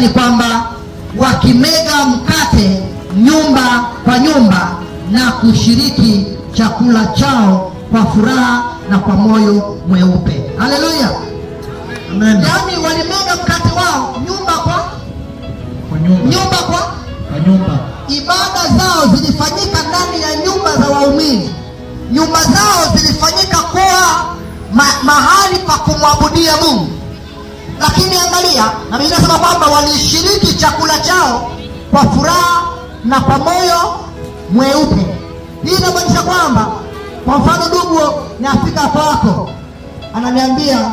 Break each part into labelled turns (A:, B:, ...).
A: ni kwamba wakimega mkate nyumba kwa nyumba na kushiriki chakula chao kwa furaha na kwa moyo mweupe. Haleluya, amen. Yaani walimega mkate wao nyumba kwa, kwa nyumba, nyumba kwa, kwa nyumba. Ibada zao zilifanyika ndani ya nyumba za waumini. Nyumba zao zilifanyika kuwa ma mahali pa kumwabudia Mungu, lakini moja, na mimi nasema kwamba walishiriki chakula chao kwa furaha na kwa moyo mweupe. Hii inamaanisha kwamba, kwa mfano, ndugu nafika kwako, ananiambia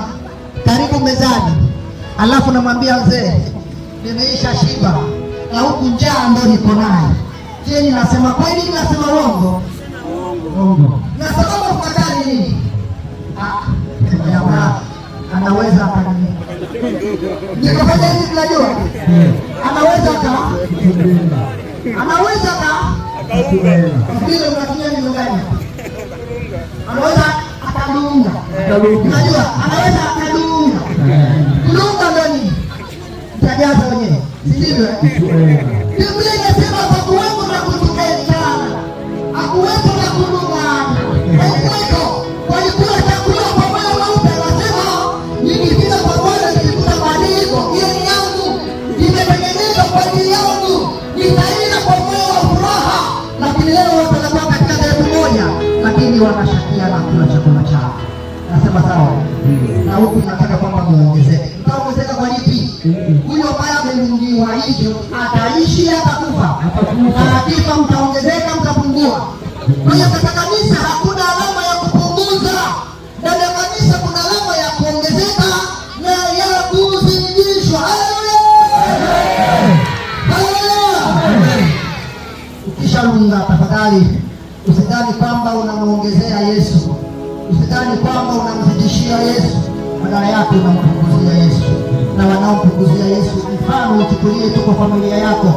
A: karibu mezani, alafu namwambia mzee, nimeisha shiba na huku njaa ambayo niko naye. Je, ninasema kweli? Ninasema uongo? Uongo. Nikafanya hivi, tunajua anaweza ka anaweza ka vile unatumia neno gani, anaweza akadunga, unajua anaweza akadunga. Kudunga ndio nini? Utajaza wenyewe, si ndivyo? wanapokuwa katika gari moja, lakini wanashakia na kula chakula chao. Nasema sawa na huku nataka kwamba muongezeke, mtaongezeka kwa lipi? Mm. Huyo ambaye ameungiwa hivyo ataishi, atakufa na akifa mtaongezeka, mtapungua. Kwa hiyo katika yangu tafadhali usidhani kwamba unamwongezea Yesu, usidhani kwamba unamzidishia Yesu, badala yake unampunguzia Yesu. Na wanaompunguzia Yesu, mfano uchukulie tu kwa familia yako,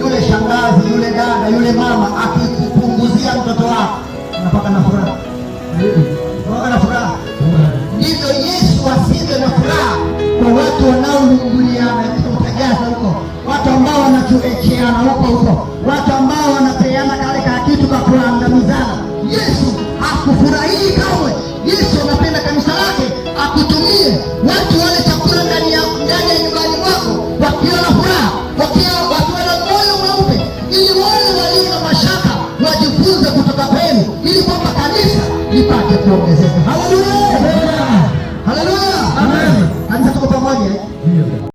A: yule shangazi, yule dada, yule mama akikupu ushirikiano huko huko, watu ambao wanapeana kale ka kitu kwa kuangamizana. Yesu hakufurahii kamwe. Yesu anapenda kanisa lake akutumie watu wale chakula ndani ya ndani ya nyumbani mwako, wakiwa na furaha, wakiwa na moyo mweupe, ili wale walio na mashaka wajifunze kutoka kwenu, ili kwamba kanisa lipate kuongezeka. Haleluya, haleluya, amen. Kanisa tuko pamoja. Eh?